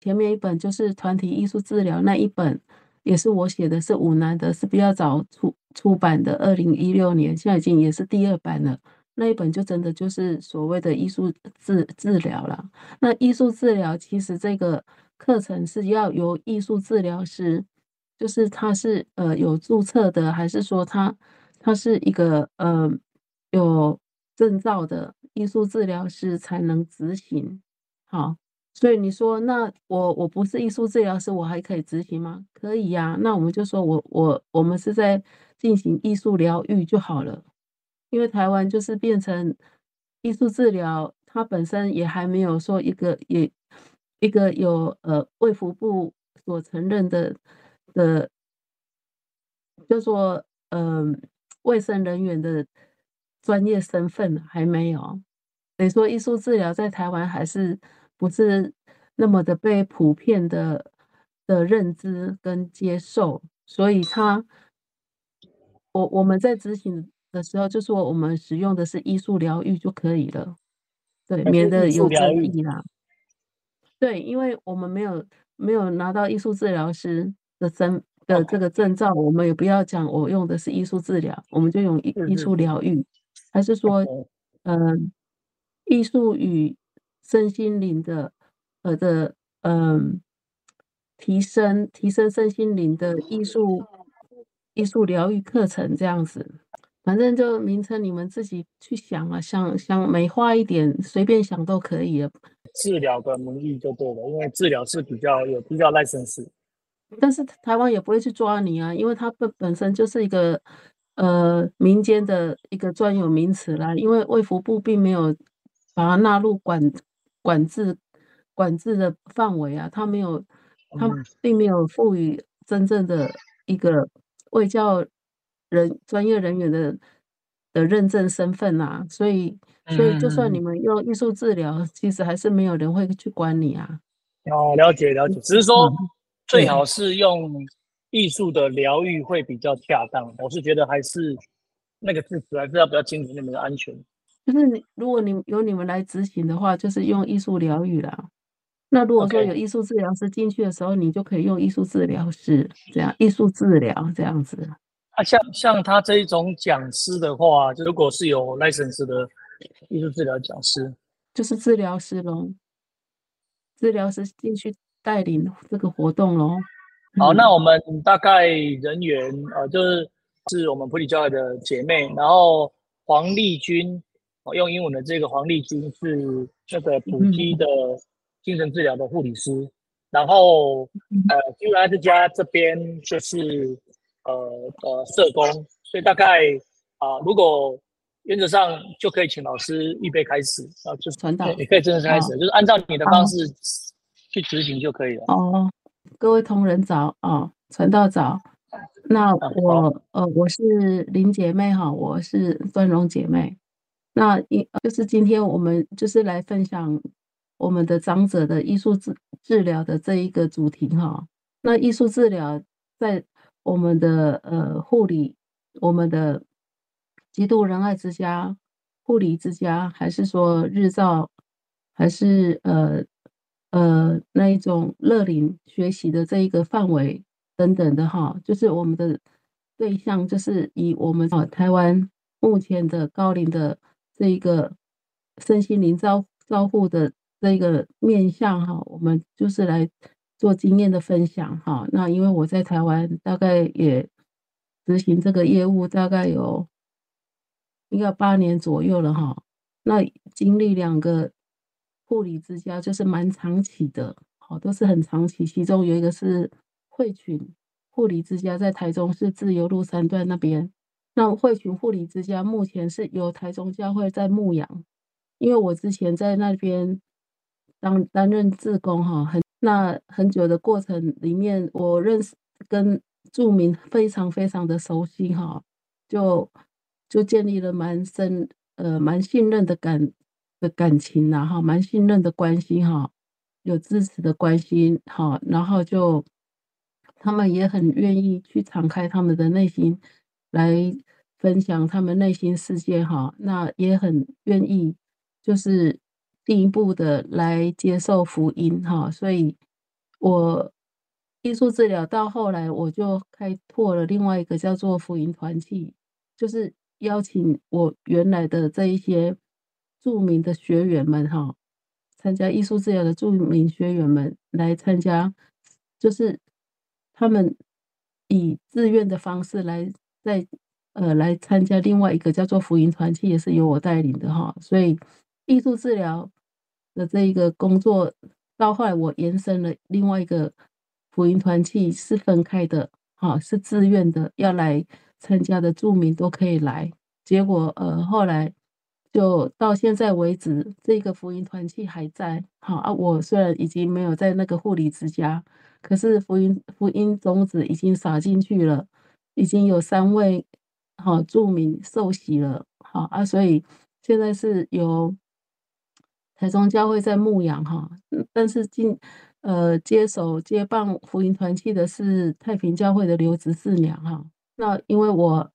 前面一本就是團體藝術治療，那一本也是我寫的是五南的，是比較早出出版的，二零一六年，現在已經也是第二版了。那一本就真的就是所謂的藝術治治療了。那藝術治療其實這個課程是要由藝術治療師，就是他是呃有注冊的，還是說他他是一個呃有證照的藝術治療師才能執行？好。所以你說，那我我不是藝術治療師，我還可以執行嗎？可以呀、啊。那我們就說我我我們是在進行藝術療癒就好了。因為台灣就是變成藝術治療，它本身也還沒有說一個也一個有呃衛福部所承認的的，就說呃衛生人員的專業身份還沒有。等於說藝術治療在台灣還是。不是那麼的被普遍的的認知跟接受，所以他，我我們在執行的時候，就說我們使用的是藝術療癒就可以了，對，免得有爭議啦。對，因為我們沒有沒有拿到藝術治療師的真的這個證照，我們也不要講我用的是藝術治療，我們就用藝藝術療癒，是的還是說，嗯 Okay.、呃，藝術與。身心靈的，呃的，嗯、呃，提升提升身心靈的藝術藝術療癒課程這樣子，反正就名稱你們自己去想啊，想想美化一點，隨便想都可以了的。治療的能力就夠了，因為治療是比較有比較 license，但是台灣也不會去抓你啊，因為它本本身就是一個呃民間的一個專有名詞啦，因為衛福部並沒有把它納入管。管制管制的範圍啊，他沒有，他並沒有賦予真正的一個衛教人專業人員的的認證身份吶、啊，所以所以就算你們用藝術治療，其實還是沒有人會去管你啊。哦，了解了解，只是說、嗯、最好是用藝術的療癒會比較恰當。嗯、我是覺得還是那個字詞還是要比較清楚那邊的安全。就是你，如果你由你們來執行的話，就是用藝術療癒啦。那如果說有藝術治療師進去的時候，Okay. 你就可以用藝術治療師這樣，藝術治療這樣子。啊，像像他這一種講師的話，就如果是有 license 的藝術治療講師，就是治療師咯。治療師進去帶領這個活動咯。好，嗯、那我們大概人員啊、呃，就是是我們普利教育的姐妹，然後黃麗君。我用英文的這個黃麗君是那個普及的精神治療的護理師，嗯、然後呃，居安之家這邊就是呃呃社工，所以大概啊、呃，如果原則上就可以請老師預備開始啊，就是傳道，也可以正式開始，好就是按照你的方式去執行就可以了。哦，各位同仁早啊、哦，傳道早。那我、嗯、呃，我是林姐妹哈、哦，我是段榮姐妹。那一就是今天我們就是來分享我們的長者的藝術治治療的這一個主題哈。那藝術治療在我們的呃護理，我們的基督仁愛之家護理之家，還是說日照，還是呃呃那一種樂齡學習的這一個範圍等等的哈，就是我們的對象就是以我們呃、啊、台灣目前的高齡的。這一個身心靈照照顧的這個面向哈、啊，我們就是來做經驗的分享哈、啊。那因為我在台灣大概也執行這個業務大概有一個八年左右了哈、啊，那經歷兩個護理之家就是蠻長期的，好都是很長期。其中有一個是惠群護理之家，在台中市是自由路三段那邊。那惠群護理之家目前是由台中教會在牧養，因為我之前在那邊當擔任志工哈、啊，很那很久的過程裡面，我認識跟住民非常非常的熟悉哈、啊，就就建立了蠻深呃蠻信任的感的感情吶、啊、哈、啊，蠻信任的關係哈、啊，有支持的關心哈、啊，然後就他們也很願意去敞開他們的內心來。分享他們內心世界，哈，那也很願意，就是進一步的來接受福音，哈。所以，我藝術治療到後來，我就開拓了另外一個叫做福音團體，就是邀請我原來的這一些著名的學員們，哈，參加藝術治療的著名學員們來參加，就是他們以自願的方式來在。呃，來參加另外一個叫做福音團契，也是由我帶領的哈。所以藝術治療的這一個工作，到後來我延伸了另外一個福音團契是分開的，哈，是自願的，要來參加的住民都可以來。結果呃，後來就到現在為止，這個福音團契還在。好啊，我雖然已經沒有在那個護理之家，可是福音福音種子已經撒進去了，已經有三位。好，住民受洗了，好啊，所以現在是由台中教會在牧養哈，但是今呃接手接棒福音團契的是太平教會的劉執事娘哈。那因為我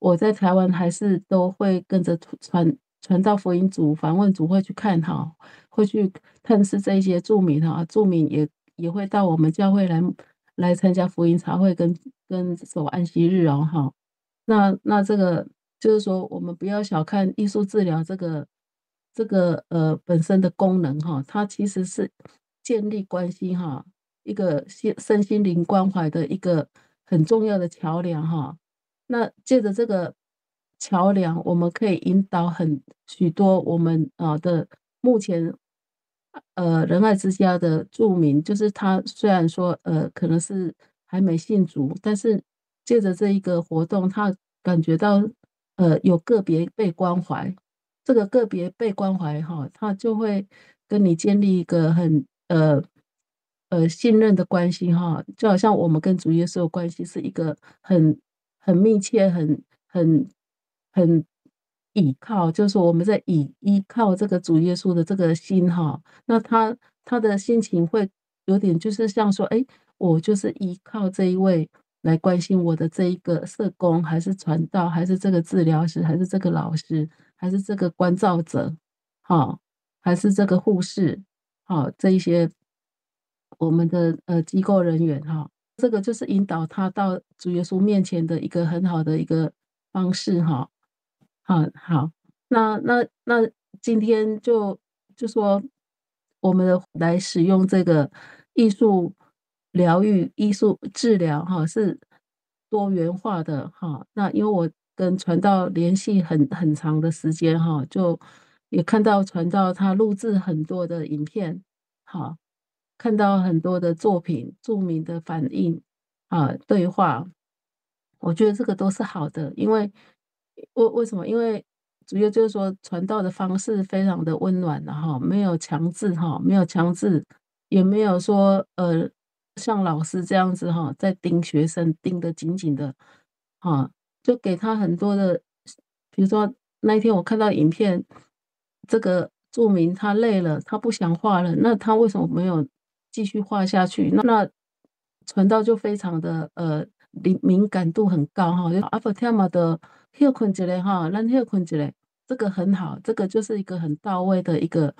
我在台灣還是都會跟着傳傳道福音組訪問組會去看哈，會去探視這些住民哈，住民也也會到我們教會來來參加福音茶會跟跟守安息日哦哈。那那這個就是說，我們不要小看藝術治療這個這個呃本身的功能哈，它其實是建立關係哈，一個心身心靈關懷的一個很重要的橋樑哈。那借着這個橋樑，我們可以引導很許多我們啊的目前呃仁愛之家的住民，就是他雖然說呃可能是還沒信主，但是。借着這一個活動，他感覺到呃有個別被關懷，這個個別被關懷哈、哦，他就會跟你建立一個很呃呃信任的關係哈、哦，就好像我們跟主耶穌的關係是一個很很密切、很很很倚靠，就是我們在倚依、依靠這個主耶穌的這個心哈、哦，那他他的心情會有點就是像說，哎，我就是依靠這一位。來關心我的這一個社工，還是傳道，還是這個治療師，還是這個老師，還是這個關照者，好、哦，還是這個護士，好、哦，這一些我們的呃機構人員，哈、哦，這個就是引導他到主耶穌面前的一個很好的一個方式，哈、哦，好、哦、好，那那那今天就就說我們的來使用這個藝術。療癒、藝術、治療，哈、哦，是多元化的哈、哦。那因為我跟傳道聯繫很很長的時間哈、哦，就也看到傳道他錄制很多的影片，哈、哦，看到很多的作品，著名的反應啊對話，我覺得這個都是好的，因為為為什麼？因為主要就是說傳道的方式非常的溫暖哈、哦，沒有強制哈、哦，沒有強制，也沒有說呃。像老師這樣子哈、哦，在盯學生盯得緊緊的，哈、啊，就給他很多的，比如說那一天我看到影片，這個注明他累了，他不想畫了，那他為什麼沒有繼續畫下去？那那傳道就非常的呃敏敏感度很高哈。阿佛提瑪的 heu kun 傑咧哈，那 heu kun 傑咧這個很好，這個就是一個很到位的一個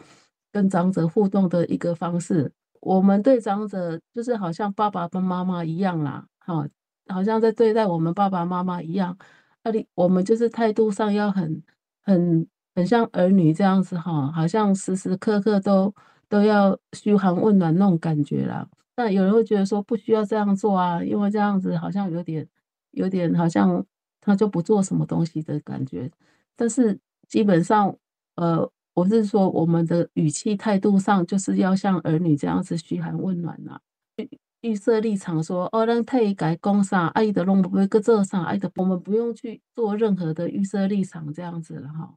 跟長者互動的一個方式。我們對長者就是好像爸爸跟媽媽一樣啦，好，好像在對待我們爸爸媽媽一樣。那裡我們就是態度上要很、很、很像兒女這樣子哈，好像時時刻刻都都要噓寒問暖那種感覺啦。但有人會覺得說不需要這樣做啊，因為這樣子好像有點、有點好像他就不做什麼東西的感覺。但是基本上，呃。我是說，我們的語氣態度上，就是要像兒女這樣子噓寒問暖啦、啊。預預設立場說，哦，讓退改工傷，愛的弄不會擱這上，愛的、啊、我們不用去做任何的預設立場這樣子了哈。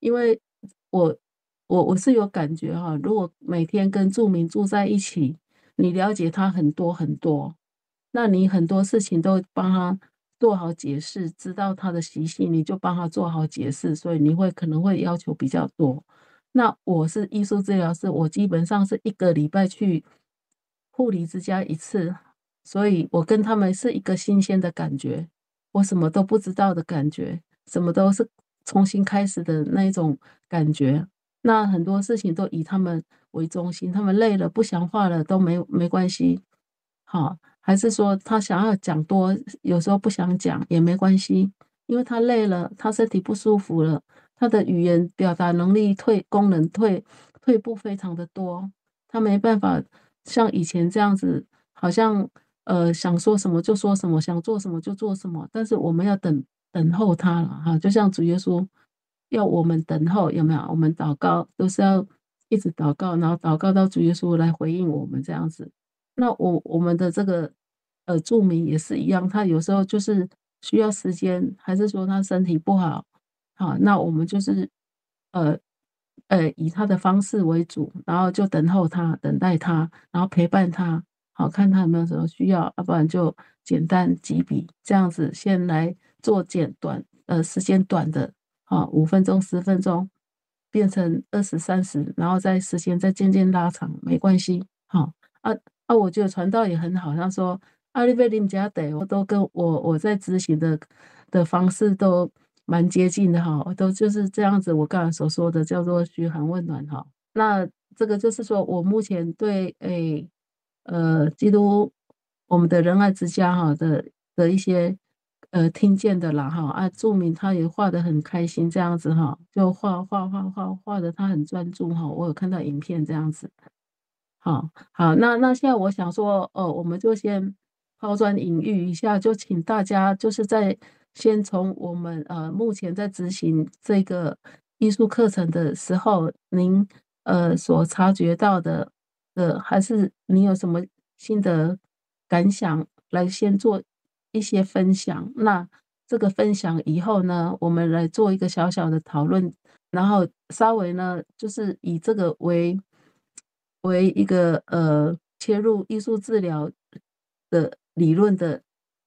因為我，我我我是有感覺哈，如果每天跟住民住在一起，你了解他很多很多，那你很多事情都幫他做好解釋，知道他的習性，你就幫他做好解釋，所以你會可能會要求比較多。那我是藝術治療師，我基本上是一個禮拜去護理之家一次，所以我跟他們是一個新鮮的感覺，我什麼都不知道的感覺，什麼都是重新開始的那種感覺。那很多事情都以他們為中心，他們累了不想畫了都沒沒關係，好、啊，還是說他想要講多，有時候不想講也沒關係，因為他累了，他身體不舒服了。他的語言表達能力退，功能退退步非常的多，他沒辦法像以前這樣子，好像呃，想說什麼就說什麼，想做什麼就做什麼。但是我們要等等候他了哈，就像主耶穌要我們等候有沒有？我們禱告都、就是要一直禱告，然後禱告到主耶穌來回應我們這樣子。那我我們的這個呃，住民也是一樣，他有時候就是需要時間，還是說他身體不好？好，那我們就是，呃，呃，以他的方式為主，然後就等候他，等待他，然後陪伴他，好，看他有沒有什麼需要，要、啊、不然就簡單幾筆這樣子，先來做簡短，呃，時間短的，好、啊，五分鐘、十分鐘，變成二十、三十，然後再時間再漸漸拉長，沒關係，好、啊，啊啊，我覺得傳道也很好，像說阿里貝林家得我都跟我我在執行的的方式都。蠻接近的哈，都就是這樣子。我剛才所說的叫做噓寒問暖哈。那這個就是說我目前對誒、欸、呃基督我們的仁愛之家哈的的一些呃聽見的啦。哈啊，著名他也畫得很開心這樣子哈，就畫畫畫畫畫得他很專注哈。我有看到影片這樣子。好好，那那現在我想說哦，我們就先拋磚引玉一下，就請大家就是在。先從我們呃目前在執行這個藝術課程的時候，您呃所察覺到的的，呃，還是你有什麼新的感想來先做一些分享？那這個分享以後呢，我們來做一個小小的討論，然後稍微呢，就是以這個為為一個呃切入藝術治療的理論的。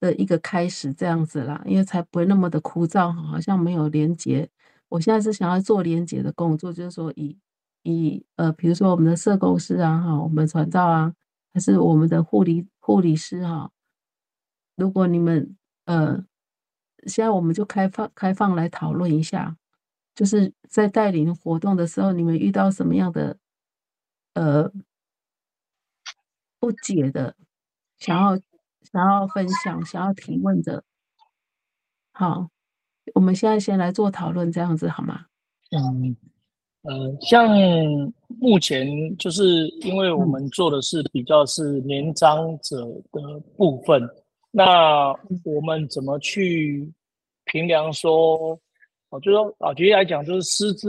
的一個開始這樣子啦，因為才不會那麼的枯燥，好像沒有連接。我現在是想要做連接的工作，就是說以以呃，比如說我們的社工師啊，哈、啊，我們的傳道啊，還是我們的護理護理師哈、啊。如果你們呃，現在我們就開放開放來討論一下，就是在帶領活動的時候，你們遇到什麼樣的呃不解的，想要。想要分享，想要提問的，好，我們現在先來做討論，這樣子好嗎？嗯、呃、像目前就是因為我們做的是比較是年長者的部分，嗯、那我們怎麼去評量說，哦、呃，就說老舉例來講，就是失智，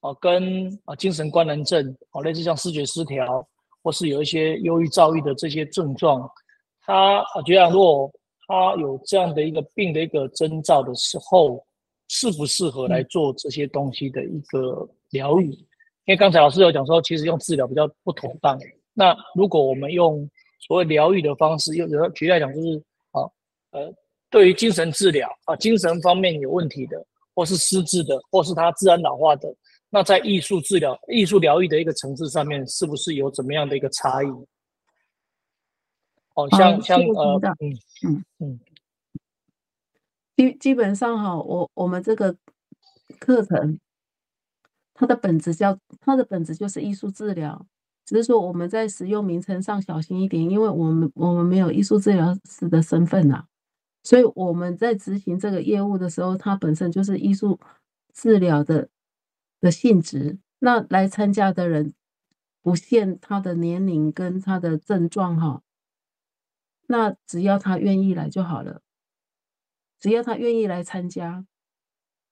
啊、呃，跟啊、呃、精神官能症啊、呃，類似像思覺失調，或是有一些憂鬱、躁鬱的這些症狀。他我覺得如果他有這樣的一個病的一個徵兆的時候，適不適合來做這些東西的一個療癒？因為剛才老師有講說，其實用治療比較不妥當。嗯、那如果我們用所謂療癒的方式，又，舉例來講，就是啊，呃，對於精神治療啊，精神方面有問題的，或是失智的，或是他自然老化的，那在藝術治療、藝術療癒的一個層次上面，是不是有怎麼樣的一個差異？好，像像，督導。嗯嗯，基、嗯、基本上哈，我我們這個課程，它的本質叫它的本質就是藝術治療，只是說我們在使用名稱上小心一點，因為我們我們沒有藝術治療師的身份吶、啊，所以我們在執行這個業務的時候，它本身就是藝術治療的的性質。那來參加的人不限他的年齡跟他的症狀哈。那只要他願意來就好了，只要他願意來參加，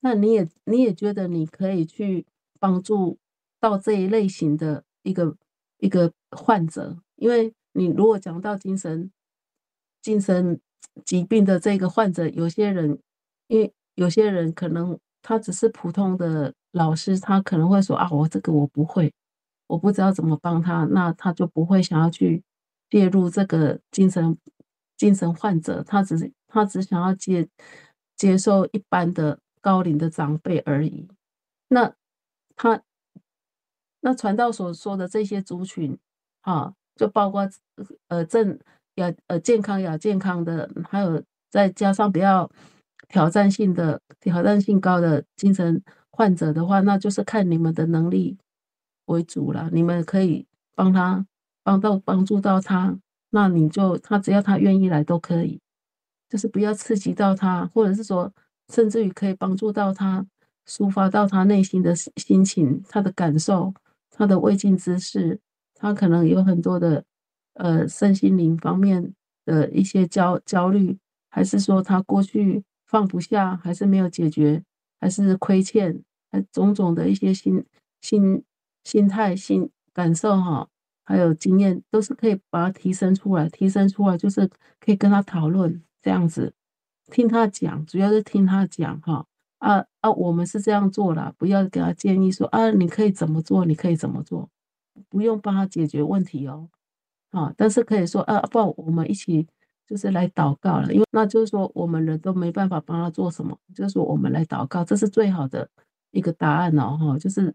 那你也你也覺得你可以去幫助到這一類型的一個一個患者，因為你如果講到精神精神疾病的這個患者，有些人因為有些人可能他只是普通的老師，他可能會說啊，我這個我不會，我不知道怎麼幫他，那他就不會想要去。介入這個精神精神患者，他只是他只想要接接受一般的高齡的長輩而已。那他那傳道所說的這些族群啊，就包括呃正呃健康亞健康的，還有再加上比較挑戰性的挑戰性高的精神患者的話，那就是看你們的能力為主了。你們可以幫他。幫到幫助到他，那你就他只要他願意來都可以，就是不要刺激到他，或者是說，甚至於可以幫助到他抒發到他內心的心情、他的感受、他的未竟之事他可能有很多的呃身心靈方面的一些焦焦慮，還是說他過去放不下，還是沒有解決，還是虧欠，還是種種的一些心心心態心感受哈。還有經驗都是可以把它提升出來，提升出來就是可以跟他討論這樣子，聽他講，主要是聽他講哈啊啊，我們是這樣做的，不要給他建議說啊，你可以怎麼做，你可以怎麼做，不用幫他解決問題哦，啊，但是可以說啊，不，我們一起就是來禱告了，因為那就是說我們人都沒辦法幫他做什麼，就是說我們來禱告，這是最好的一個答案了哈，就是。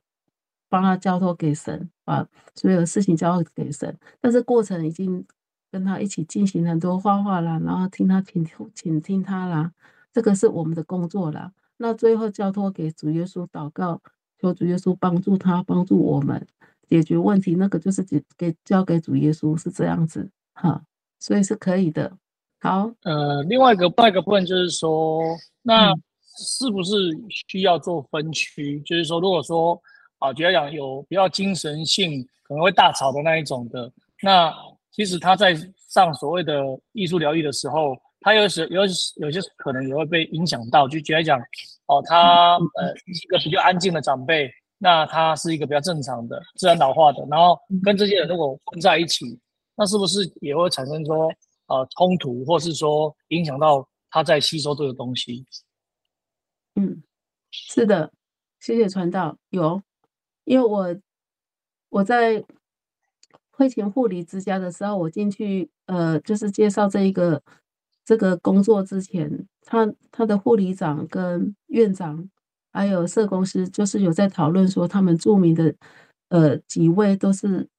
幫他交托給神，把所有事情交托給神。但是過程已經跟他一起進行很多畫畫啦，然後聽他傾聽，傾聽他啦，這個是我們的工作了。那最後交托給主耶穌，禱告，求主耶穌幫助他，幫助我們解決問題。那個就是給給交給主耶穌是這樣子哈、啊，所以是可以的。好，呃，另外一個第二個部分就是說，那是不是需要做分區？嗯、就是說，如果說。啊，覺得講有比較精神性可能會大吵的那一種的，那其實他在上所謂的藝術療癒的時候，他有時有有些可能也會被影響到。就覺得講，哦、啊，他呃一個比較安靜的長輩，那他是一個比較正常的自然老化的，然後跟這些人如果混在一起，那是不是也會產生說呃衝突，或是說影響到他在吸收這個東西？嗯，是的，謝謝傳道有。因為我我在會前護理之家的時候，我進去呃，就是介紹這一個這個工作之前，他他的護理長跟院長還有社工師就是有在討論說，他們著名的呃幾位都是，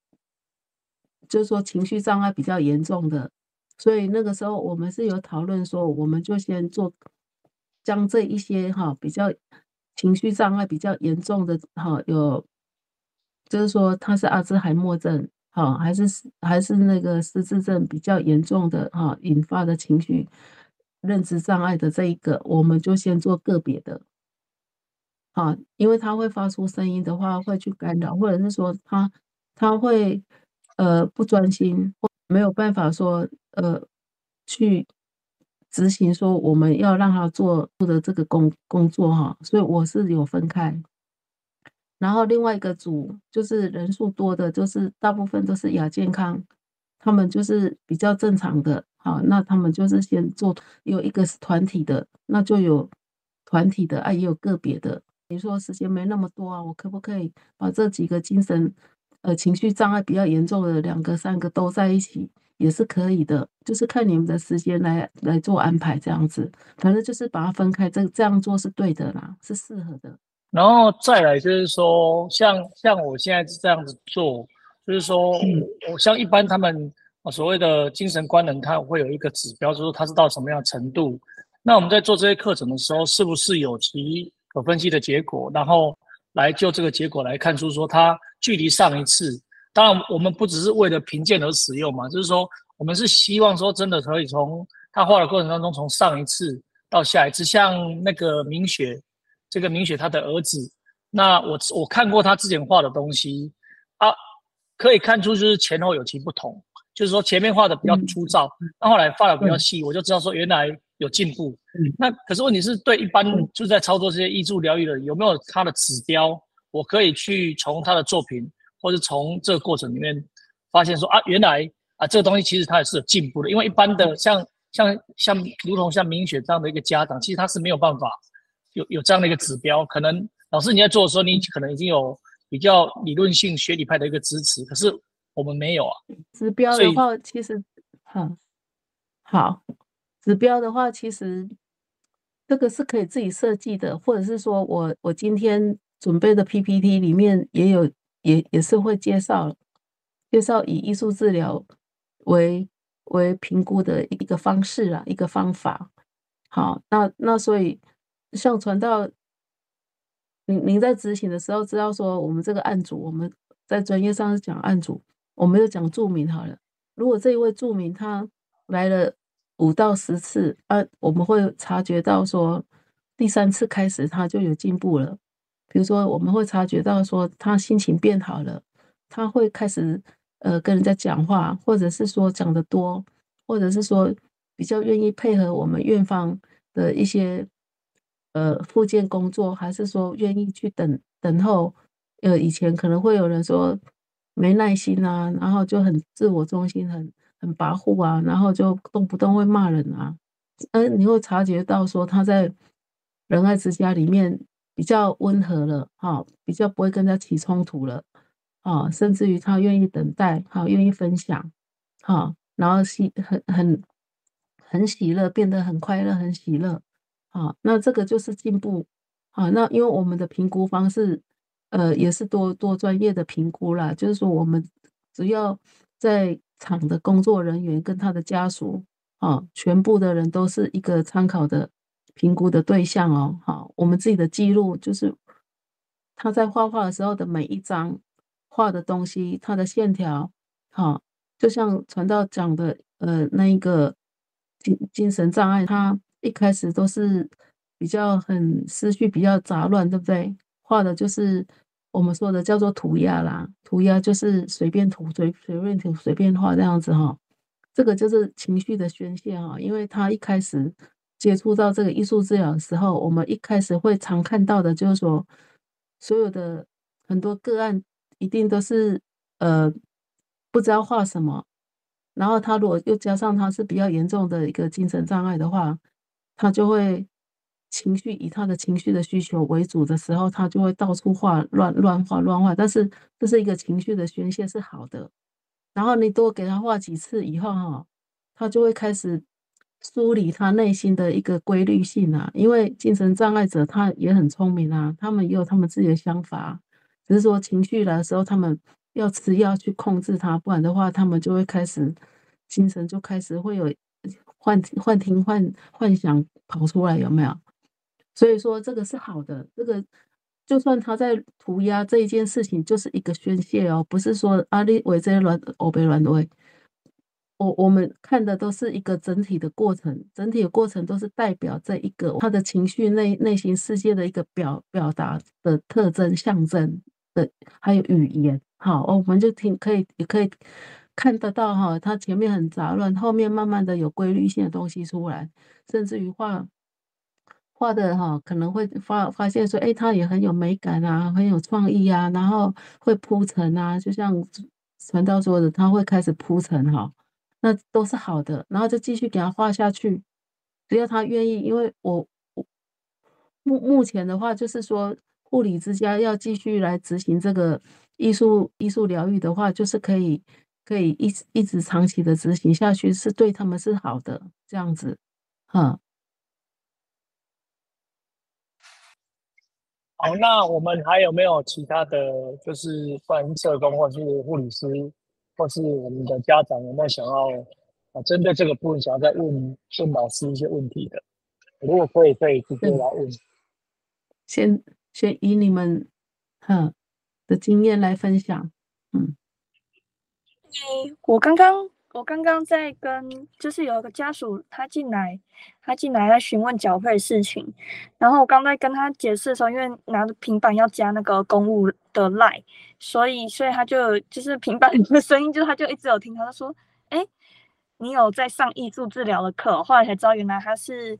就是說情緒障礙比較嚴重的，所以那個時候我們是有討論說，我們就先做將這一些哈比較情緒障礙比較嚴重的哈有。就是說他是阿茲海默症，哈、啊，還是還是那個失智症比較嚴重的哈、啊，引發的情緒認知障礙的這一個，我們就先做個別的，啊，因為他會發出聲音的話會去干擾，或者是說他他會呃不專心，或沒有辦法說呃去執行說我們要讓他做做的這個工工作哈、啊，所以我是有分開。然後另外一個組就是人數多的，就是大部分都是亞健康，他們就是比較正常的。好，那他們就是先做有一個是團體的，那就有團體的啊，也有個別的。比如說時間沒那麼多啊，我可不可以把這幾個精神呃情緒障礙比較嚴重的兩個三個都在一起也是可以的，就是看你們的時間來來做安排這樣子，反正就是把它分開，這這樣做是對的啦，是適合的。然後再來就是說，像像我現在是這樣子做，就是說，我像一般他們所謂的精神觀能，它會有一個指標，就是說它是到什麼樣的程度。那我們在做這些課程的時候，是不是有其可分析的結果，然後來就這個結果來看出說它距離上一次，當然我們不只是為了評鑑而使用嘛，就是說我們是希望說真的可以從他畫的過程當中，從上一次到下一次，像那個明雪。這個明雪她的兒子，那我我看過他之前畫的東西啊，可以看出就是前後有其不同，就是說前面畫的比較粗糙，那、嗯、後來畫的比較細，嗯、我就知道說原來有進步。嗯、那可是問題是對一般就在操作這些藝術療癒的人有沒有他的指標，我可以去從他的作品或者從這個過程裡面發現說啊，原來啊這個東西其實他也是有進步的，因為一般的像像像如同像明雪這樣的一個家長，其實他是沒有辦法。有有這樣的一個指標，可能老師你在做的時候，你可能已經有比較理論性學理派的一個支持，可是我們沒有啊。指標的話，其實，好，好，指標的話，其實這個是可以自己設計的，或者是說我我今天準備的 PPT 裡面也有，也也是會介紹介紹以藝術治療為為評估的一個方式啊，一個方法。好，那那所以。像傳道您，您在執行的時候，知道說我們這個案主，我們在專業上是講案主，我們就講住民好了。如果這一位住民他來了五到十次，啊，我們會察覺到說第三次開始他就有進步了。比如說，我們會察覺到說他心情變好了，他會開始呃跟人家講話，或者是說講得多，或者是說比較願意配合我們院方的一些。呃，復健工作還是說願意去等等候？呃，以前可能會有人說沒耐心啊，然後就很自我中心，很很跋扈啊，然後就動不動會罵人啊。嗯，你會察覺到說他在仁愛之家裡面比較溫和了哈、啊，比較不會跟他起衝突了啊，甚至於他願意等待，好，願意分享，好、啊，然後喜很很很喜樂，變得很快樂，很喜樂。好，那這個就是進步。好，那因為我們的評估方式，呃，也是多多專業的評估啦，就是說，我們只要在場的工作人員跟他的家屬，啊，全部的人都是一個參考的評估的對象哦。好，我們自己的記錄就是他在畫畫的時候的每一張畫的東西，他的線條，好，啊，就像傳道講的，呃，那一個精精神障礙他。一開始都是比較很思緒比較雜亂，對不對？畫的就是我們說的叫做塗鴉啦，塗鴉就是隨便塗，隨隨便塗，隨便塗，隨便畫這樣子哈、哦。這個就是情緒的宣泄哈，因為他一開始接觸到這個藝術治療的時候，我們一開始會常看到的就是說，所有的很多個案一定都是呃不知道畫什麼，然後他如果又加上他是比較嚴重的一個精神障礙的話，他就會情緒以他的情緒的需求為主的時候，他就會到處畫亂亂畫亂畫。但是這是一個情緒的宣洩，是好的。然後你多給他畫幾次以後，哈、哦，他就會開始梳理他內心的一個規律性啊。因為精神障礙者他也很聰明啊，他們也有他們自己的想法，只是說情緒來的時候，他們要吃藥去控制他，不然的話，他們就會開始精神就開始會有。幻幻聽幻幻想跑出來有沒有？所以說，這個是好的，這個就算他在塗鴉這一件事情，就是一個宣洩哦，不是說阿力，啊、為這亂，我被亂餵。我我們看的都是一個整體的過程，整體的過程都是代表這一個他的情緒內內心世界的一個表表達的特徵象徵的，還有語言。好，我們就聽可以可以。也可以。看得到哈，他前面很雜亂，後面慢慢的有規律性的東西出來，甚至於畫畫的哈，可能會發發現說，哎，他也很有美感啊，很有創意啊，然後會鋪陳啊，就像傳道說的，他會開始鋪陳哈，那都是好的，然後就繼續給他畫下去，只要他願意。因為我目目前的話就是說，護理之家要繼續來執行這個藝術藝術療癒的話，就是可以。可以一直一直長期的執行下去，是對他們是好的。這樣子，哈。好，那我們還有沒有其他的就是關於社工或是護理師，或是我們的家長有沒有想要啊針對這個部分想要再問問老師一些問題的？如果可以，可以直接來問。先先以你們哈的經驗來分享，嗯。欸、我剛剛我剛剛在跟，就是有一個家屬他進來，他進來在詢問繳費的事情，然後我剛才在跟他解釋的時候，因為拿着平板要加那個公務的 line，所以所以他就就是平板的聲音就，就他就一直有聽，他就說：“哎、欸，你有在上藝術治療的課、哦？”後來才知道，原來他是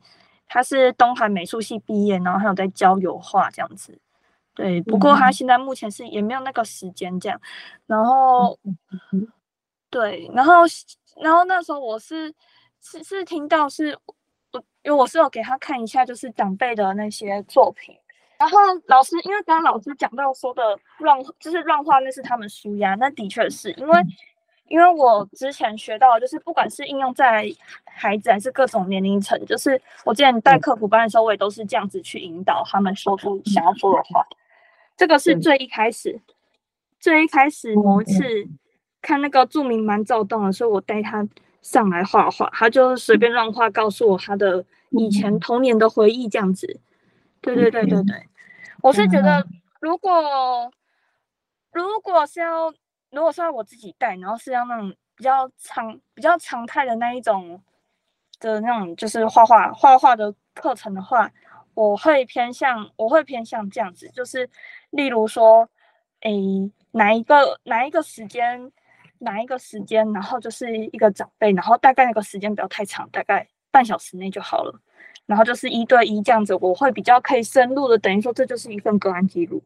他是東海美術系畢業，然後還有在教油畫這樣子。對，不過他現在目前是也沒有那個時間這樣，然後。嗯對，然後，然後那時候我是，是是聽到是，我因為我是有給他看一下，就是長輩的那些作品，然後老師，因為剛剛老師講到說的亂，就是亂畫那是他們紓壓，那的確是因為，因為我之前學到，就是不管是應用在孩子還是各種年齡層，就是我之前帶課輔班的時候，我也都是這樣子去引導他們說出想要說的話，這個是最一開始，對最一開始某一次。看那個住民蠻躁動的，所以我帶他上來畫畫，他就隨便亂畫，告訴我他的以前童年的回憶這樣子。嗯、對對對對對，我是覺得如果、嗯、如果是要如果是要我自己帶，然後是要那種比較常比較常態的那一種的那種就是畫畫畫畫的課程的話，我會偏向我會偏向這樣子，就是例如說，誒哪一個哪一個時間？拿一個時間，然後就是一個長輩，然後大概那個時間不要太長，大概半小時內就好了。然後就是一對一這樣子，我會比較可以深入的，等於說這就是一份個案記錄，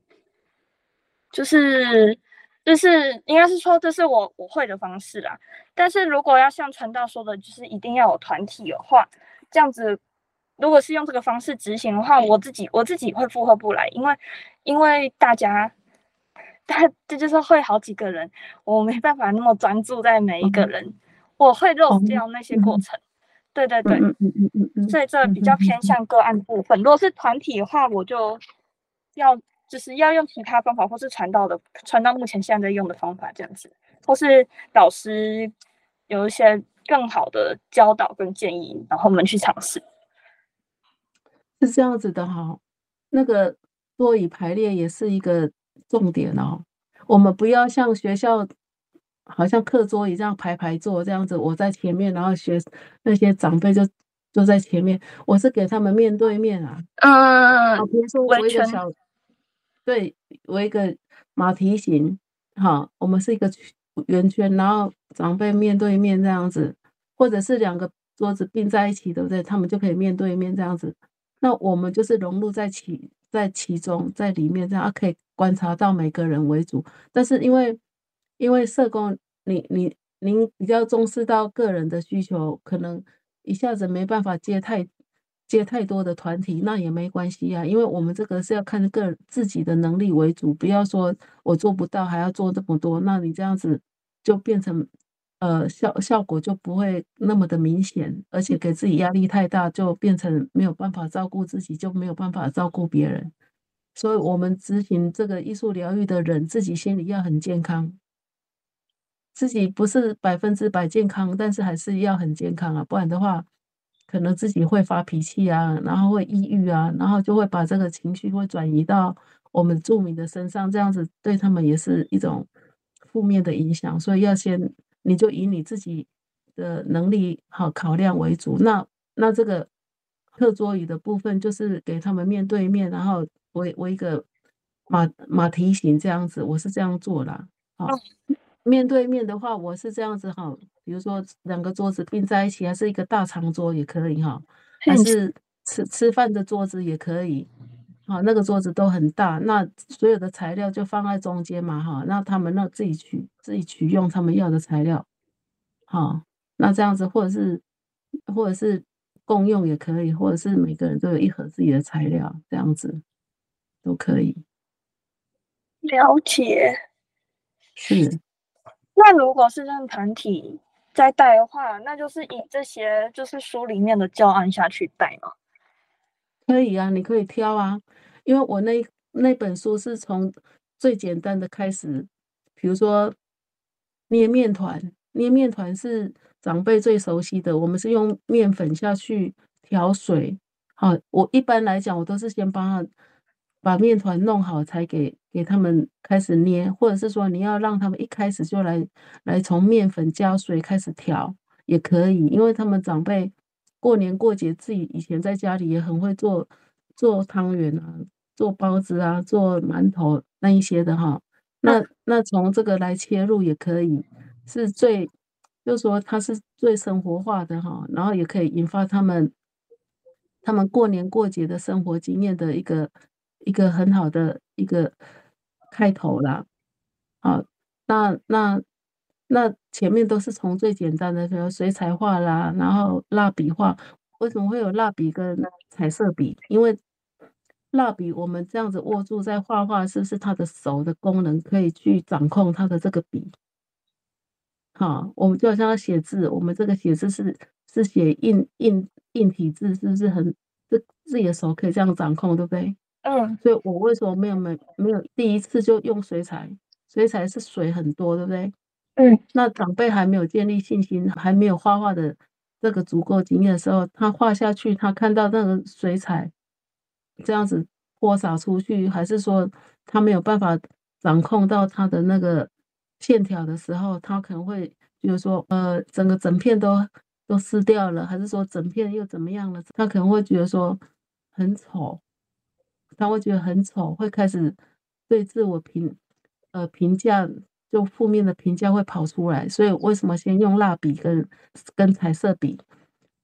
就是就是應該是說這是我我會的方式啦。但是如果要像傳道說的，就是一定要有團體的話，這樣子如果是用這個方式執行的話，我自己我自己會負荷不來，因為因為大家。但這就是會好幾個人，我沒辦法那麼專注在每一個人，嗯、我會漏掉那些過程。嗯、對對對，嗯嗯嗯，所以這比較偏向個案部分。嗯嗯嗯、如果是團體的話，我就要就是要用其他方法，或是傳道的傳道目前現在在用的方法這樣子，或是老師有一些更好的教導跟建議，然後我們去嘗試，是這樣子的哈、哦。那個座椅排列也是一個。重點哦，我們不要像學校，好像課桌椅這樣排排坐這樣子。我在前面，然後學那些長輩就坐在前面。我是給他們面對面啊。嗯、uh,，圍成圈。對，圍個馬蹄形，好，我們是一個圓圈，然後長輩面對面這樣子，或者是兩個桌子併在一起，對不對？他們就可以面對面這樣子。那我們就是融入在其在其中在裡面這樣、啊、可以。觀察到每個人為主，但是因為因為社工，你你您比較重視到個人的需求，可能一下子沒辦法接太接太多的團體，那也沒關係呀。因為我們這個是要看個人自己的能力為主，不要說我做不到還要做這麼多，那你這樣子就變成呃效效果就不會那麼的明顯，而且給自己壓力太大，就變成沒有辦法照顧自己，就沒有辦法照顧別人。所以我們執行這個藝術療癒的人，自己心裡要很健康，自己不是百分之百健康，但是還是要很健康啊，不然的話，可能自己會發脾氣啊，然後會抑鬱啊，然後就會把這個情緒會轉移到我們住民的身上，這樣子對他們也是一種負面的影響。所以要先，你就以你自己的能力好考量為主。那那這個課桌椅的部分，就是給他們面對面，然後。我我一個馬馬蹄形這樣子，我是這樣做的啊。嗯、面對面的話，我是這樣子哈，比如說，兩個桌子並在一起，還是一個大長桌也可以哈、啊，還是吃吃飯的桌子也可以。啊，那個桌子都很大，那所有的材料就放在中間嘛哈、啊，那他們那自己取自己取用他們要的材料。好、啊，那這樣子，或者是或者是共用也可以，或者是每個人都有一盒自己的材料，這樣子。都可以，了解，是。那如果是讓團體在帶的話，那就是以這些就是書裡面的教案下去帶嘛。可以啊，你可以挑啊，因為我那那本書是從最簡單的開始，比如說捏麵團，捏麵團是長輩最熟悉的，我們是用麵粉下去調水，好，啊，我一般來講，我都是先幫他。把麵團弄好才給給他們開始捏，或者是說你要讓他們一開始就來來從麵粉加水開始調也可以，因為他們長輩過年過節自己以前在家裡也很會做做湯圓啊，做包子啊，做饅頭那一些的哈。那那，那從這個來切入也可以，是最就是說他是最生活化的哈，然後也可以引發他們他們過年過節的生活經驗的一個。一個很好的一個開頭啦，好，那那那前面都是從最簡單的，比如水彩畫啦，然後蠟筆畫。為什麼會有蠟筆跟彩色筆？因為蠟筆我們這樣子握住在畫畫，是不是他的手的功能可以去掌控他的這個筆？好，我們就好像要寫字，我們這個寫字是是寫硬硬硬體字，是不是很是自己的手可以這樣掌控，對不對？嗯，所以我為什麼沒有沒沒有第一次就用水彩，水彩是水很多，對不對？嗯，那長輩還沒有建立信心，還沒有畫畫的這個足夠經驗的時候，他畫下去，他看到那個水彩這樣子潑灑出去，還是說他沒有辦法掌控到他的那個線條的時候，他可能會就是說，呃，整個整片都都濕掉了，還是說整片又怎麼樣了？他可能會覺得說很醜。他會覺得很醜，會開始對自我評，呃，評價就負面的評價會跑出來。所以為什麼先用蠟筆跟跟彩色筆，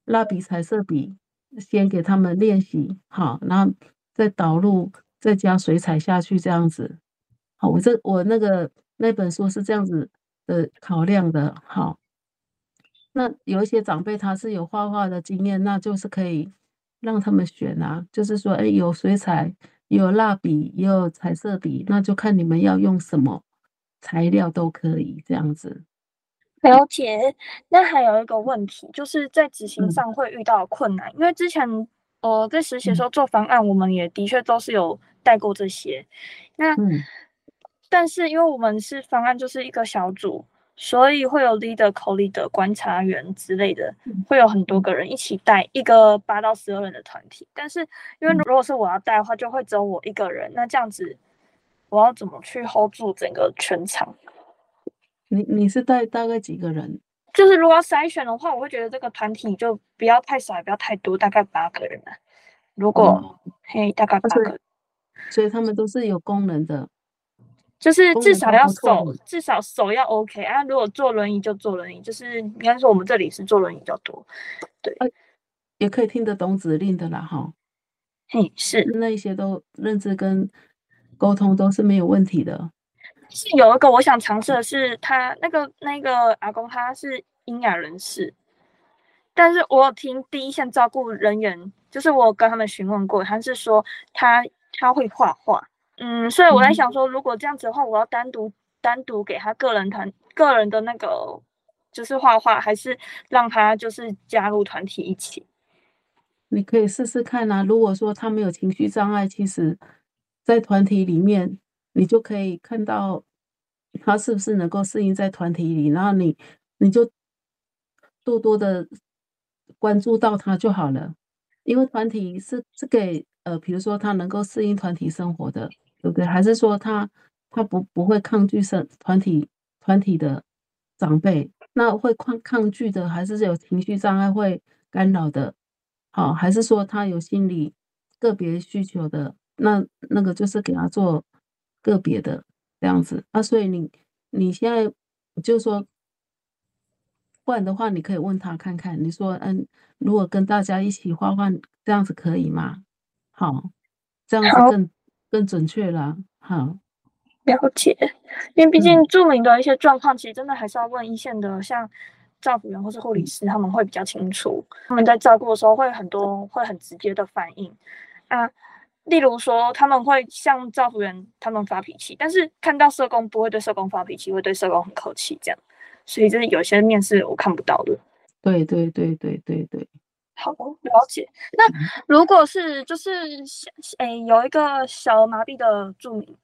蠟筆、彩色筆先給他們練習好，然後再導入再加水彩下去這樣子。好，我這我那個那本書是這樣子的考量的。好，那有一些長輩他是有畫畫的經驗，那就是可以。讓他們選啊，就是說，哎、欸，有水彩，有蠟筆，也有彩色筆，那就看你們要用什麼材料都可以，這樣子。了解。那還有一個問題，就是在執行上會遇到困難，嗯、因為之前我、呃、在實習的時候做方案，嗯、我們也的確都是有帶過這些。那，嗯、但是因為我們是方案，就是一個小組。所以會有 leader、co-leader、觀察員之類的，嗯，會有很多個人一起帶一個八到十二人的團體。但是因為如果是我要帶的話，就會只有我一個人，嗯，那這樣子我要怎麼去 hold 住整個全場？你你是帶大概幾個人？就是如果要篩選的話，我會覺得這個團體就不要太少，也不要太多，大概八個人。如果，嘿，嗯，hey, 大概八個。所以他們都是有功能的。就是至少要手，嗯嗯嗯、至少手要 OK 啊！如果坐輪椅就坐輪椅，就是應該說我們這裡是坐輪椅比較多，對，也可以聽得懂指令的啦，哈，嘿，是那些都認知跟溝通都是沒有問題的。是有一個我想嘗試的是他那個那個阿公，他是聾啞人士，但是我有聽第一線照顧人員，就是我跟他們詢問過，他是說他他會畫畫。嗯，所以我在想說，如果這樣子的話，我要單獨單獨給他個人團，個人的那個，就是畫畫，還是讓他就是加入團體一起？你可以試試看啊。如果說他沒有情緒障礙，其實在團體裡面，你就可以看到他是不是能夠適應在團體裡，然後你你就多多的關注到他就好了。因為團體是是給呃，比如說他能夠適應團體生活的。對不對？還是說他他不不會抗拒社團體團體的長輩？那會抗抗拒的，還是有情緒障礙會干擾的？好，還是說他有心理個別需求的？那那個就是給他做個別的這樣子。啊，所以你你現在就說，不然的話你可以問他看看。你說，嗯、呃，如果跟大家一起畫畫這樣子可以嗎？好，這樣子更。更準確啦，好，了解。因為畢竟著名的一些狀況，其實真的還是要問一線的，像照顧員或是護理師，他們會比較清楚。他們在照顧的時候會很多，會很直接的反應。啊，例如說他們會向照顧員他們發脾氣，但是看到社工不會對社工發脾氣，會對社工很客氣這樣。所以就是有些面試我看不到的。對，對對對對對對。好，了解。那如果是就是小誒、欸、有一個小兒麻痹的住民，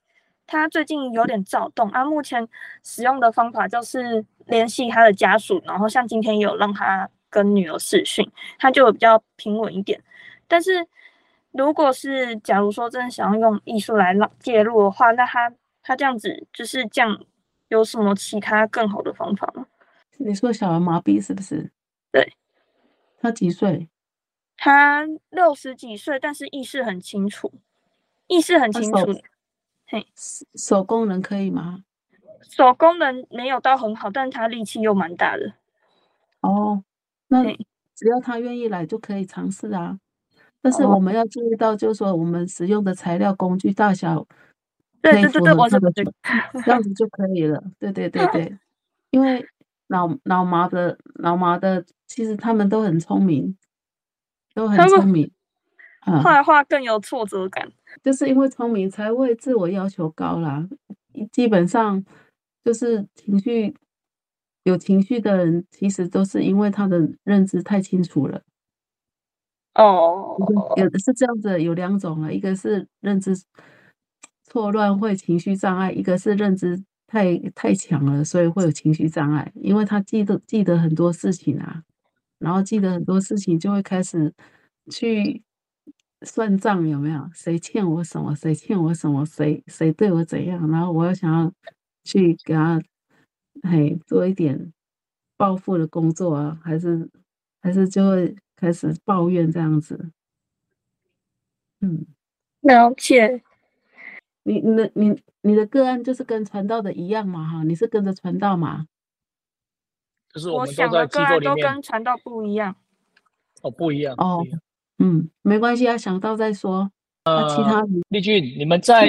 他最近有點躁動，啊，目前使用的方法就是聯繫他的家屬，然後像今天有讓他跟女兒視訊，他就比較平穩一點。但是如果是假如說真的想要用藝術來讓介入的話，那他他這樣子就是這樣，有什麼其他更好的方法嗎？你說小兒麻痹是不是？對。他幾歲？他六十幾歲，但是意識很清楚，意識很清楚。他手，嘿，手功能可以嗎？手功能沒有到很好，但他力氣又蠻大的。哦，那只要他願意來就可以嘗試啊。但是我們要注意到，就是說我們使用的材料、工具大小，對對，對對對，我怎麼這個，這樣子就可以了。對對對對，因為。老老麻的，老麻的，其實他們都很聰明，都很聰明。畫畫不、啊、更有挫折感，就是因為聰明才會自我要求高啦，基本上，就是情緒，有情緒的人，其實都是因為他的認知太清楚了。哦，有的是這樣子，有兩種了、啊，一個是認知錯亂會情緒障礙，一個是認知。太太強了，所以會有情緒障礙，因為他記得記得很多事情啊，然後記得很多事情就會開始去算賬，有沒有？誰欠我什麼？誰欠我什麼？誰誰對我怎樣？然後我又想要去給他嘿做一點報復的工作啊，還是還是就會開始抱怨這樣子，嗯，了解。你那，你你的個案就是跟傳道的一樣嘛，哈，你是跟着傳道嘛？就是我，我們都在機構裡面，我想的個案都跟傳道不一樣。哦，不一樣，不一樣哦，嗯，沒關係啊，想到再說。嗯、那呃，其他麗俊，你們在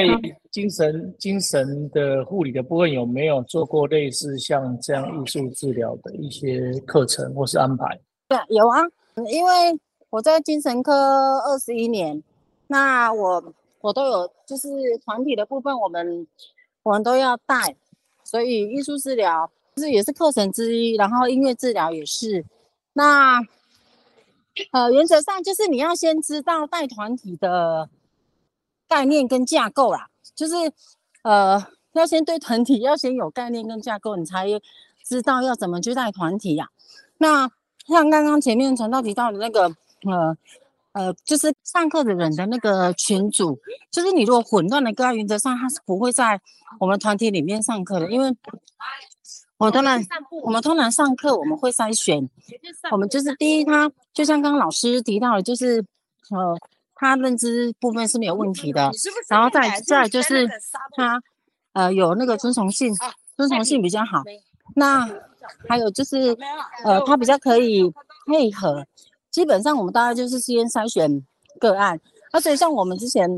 精神他精神的護理的部分有沒有做過類似像這樣藝術治療的一些課程或是安排？對，有啊、嗯，因為我在精神科二十一年，那我。我都有，就是團體的部分，我們我們都要帶，所以藝術治療這也是課程之一，然後音樂治療也是。那呃，原則上就是你要先知道帶團體的概念跟架構啦，就是呃要先對團體要先有概念跟架構，你才知道要怎麼去帶團體呀。那像剛剛前面陳導提到的那個呃。呃，就是上課的人的那個群組，就是你如果混亂的個案，根據原則上他是不會在我們團體裡面上課的，因為，我當然，我們通常上課我們會篩選，我們就是第一他就像剛剛老師提到的，就是呃他認知部分是沒有問題的，然後再再就是他呃有那個遵從性，遵從性比較好，那還有就是呃他比較可以配合。基本上我們大家就是先篩選個案，那所以像我們之前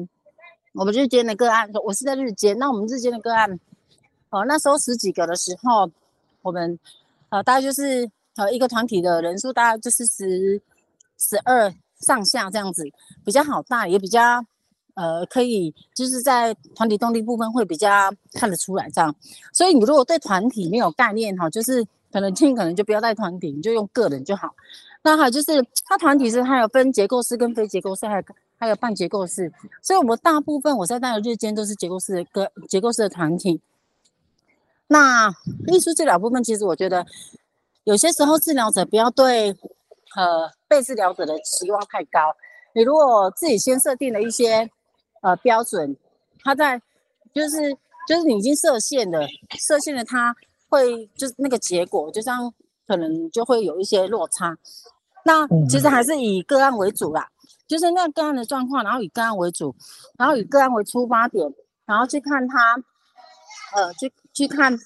我們日間的個案，我是在日間。那我們日間的個案，哦、呃，那時候十幾個的時候，我們呃大概就是呃一個團體的人數大概就是十十二上下這樣子比較好帶，也比較呃可以，就是在團體動力部分會比較看得出來這樣。所以你如果對團體沒有概念哈、啊，就是可能盡可能就不要帶團體，你就用個人就好。那還有就是，它團體是還有分結構式跟非結構式，還有還有半結構式。所以我們大部分我在那個日間都是結構式的個結構式的團體。那藝術治療的部分，其實我覺得有些時候治療者不要對呃被治療者的期望太高。你如果自己先設定了一些呃標準，他在就是就是你已經設限了設限了，他會就是那個結果就像。可能就會有一些落差，那其實還是以個案為主啦，嗯、就是那個案的狀況，然後以個案為主，然後以個案為出發點，然後去看他，呃，去去看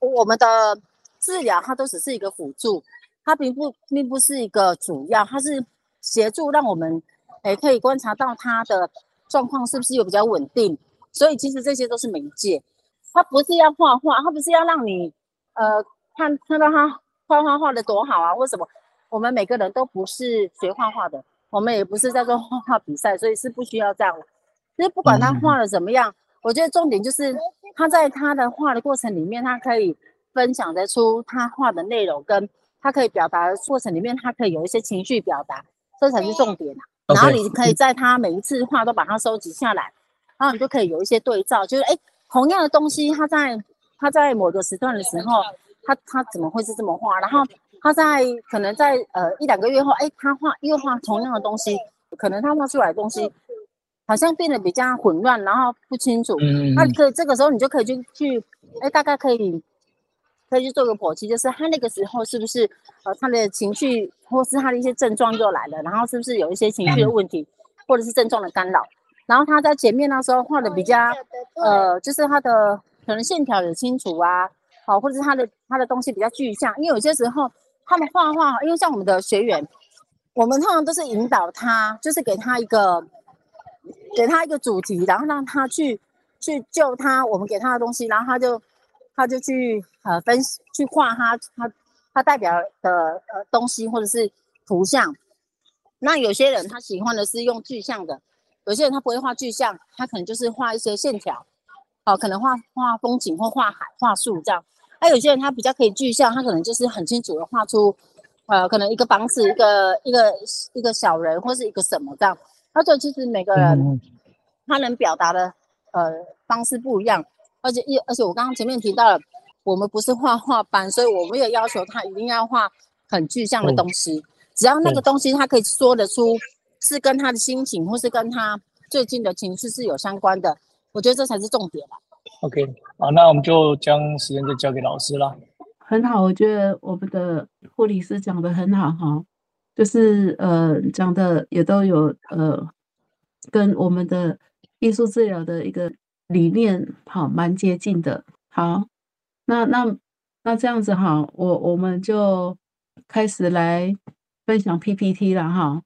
我們的治療，它都只是一個輔助，它並不並不是一個主要，它是協助讓我們誒、欸、可以觀察到他的狀況是不是有比較穩定，所以其實這些都是媒介，它不是要畫畫，它不是要讓你呃看看到他。畫畫畫得多好啊！為什麼我們每個人都不是學畫畫的，我們也不是在做畫畫比賽，所以是不需要這樣的。就不管他畫的怎麼樣，嗯、我覺得重點就是他在他的畫的過程裡面，他可以分享得出他畫的內容，跟他可以表達的過程裡面，他可以有一些情緒表達，這才是重點、啊。Okay. 然後你可以在他每一次畫都把它收集下來，然後你就可以有一些對照，就是哎、欸，同樣的東西，他在他在某個時段的時候。他他怎麼會是這麼畫？然後他在可能在呃一兩個月後，哎，他畫又畫同樣的東西，可能他畫出來的東西好像變得比較混亂，然後不清楚。嗯那這個時候你就可以就去去哎，大概可以可以去做個剖析，就是他那個時候是不是呃他的情緒或是他的一些症狀就來了，然後是不是有一些情緒的問題、嗯、或者是症狀的干擾？然後他在前面那時候畫的比較、哦、呃，就是他的可能線條也清楚啊。好，或者是他的他的東西比較具象，因為有些時候他們畫畫，因為像我們的學員，我們通常都是引導他，就是給他一個，給他一個主題，然後讓他去去就他我們給他的東西，然後他就他就去呃分析去畫他他他代表的呃東西或者是圖像。那有些人他喜歡的是用具象的，有些人他不會畫具象，他可能就是畫一些線條，好、呃，可能畫畫風景或畫海畫樹這樣。還、啊、有些人他比較可以具象，他可能就是很清楚的畫出，呃，可能一個房子、一個一個一個小人或是一個什麼這樣。他就其實每個人他能表達的呃方式不一樣，而且一而且我剛剛前面提到了，我們不是畫畫班，所以我沒有要求他一定要畫很具象的東西，只要那個東西他可以說得出是跟他的心情或是跟他最近的情緒是有相關的，我覺得這才是重點吧。OK，好，那我們就將時間就交給老師啦。很好，我覺得我們的護理師講得很好哈，就是呃講的也都有呃跟我們的藝術治療的一個理念好蠻接近的。好，那那那這樣子哈，我我們就開始來分享 PPT 了哈。